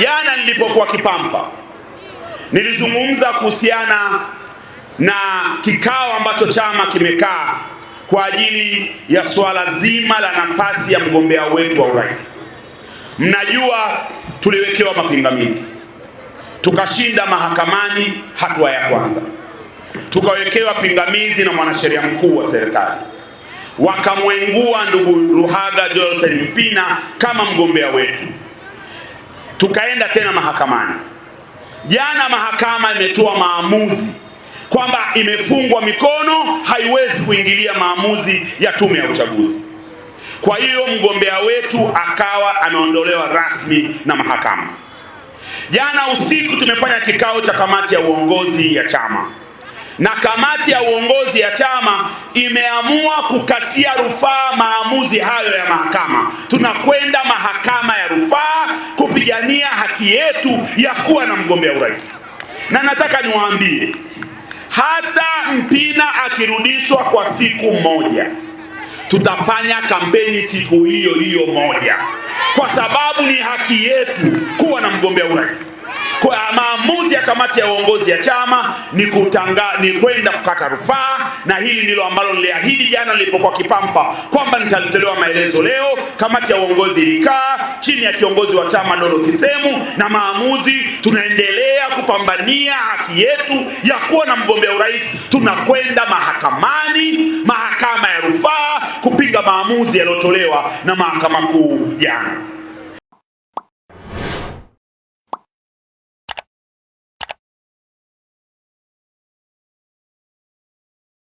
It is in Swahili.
Jana nilipokuwa Kipampa nilizungumza kuhusiana na kikao ambacho chama kimekaa kwa ajili ya swala zima la nafasi ya mgombea wetu wa urais. Mnajua tuliwekewa mapingamizi, tukashinda mahakamani hatua ya kwanza, tukawekewa pingamizi na mwanasheria mkuu wa serikali, wakamwengua ndugu Luhaga Joseph Mpina kama mgombea wetu Tukaenda tena mahakamani. Jana mahakama imetoa maamuzi kwamba imefungwa mikono, haiwezi kuingilia maamuzi ya tume ya uchaguzi. Kwa hiyo mgombea wetu akawa ameondolewa rasmi na mahakama. Jana usiku tumefanya kikao cha kamati ya uongozi ya chama, na kamati ya uongozi ya chama imeamua kukatia rufaa maamuzi hayo ya mahakama. Tunakwenda mahakama ya rufaa kupigania haki yetu ya kuwa na mgombea urais. Na nataka niwaambie, hata Mpina akirudishwa kwa siku moja, tutafanya kampeni siku hiyo hiyo moja, kwa sababu ni haki yetu kuwa na mgombea urais kamati ya uongozi ya chama ni kutanga, ni kwenda kukata rufaa, na hili ndilo ambalo niliahidi jana nilipokuwa Kipampa kwamba nitalitolewa maelezo leo. Kamati ya uongozi ilikaa chini ya kiongozi wa chama Dorothy Semu, na maamuzi tunaendelea kupambania haki yetu ya kuwa na mgombea urais. Tunakwenda mahakamani, mahakama ya rufaa kupinga maamuzi yaliyotolewa na mahakama kuu jana.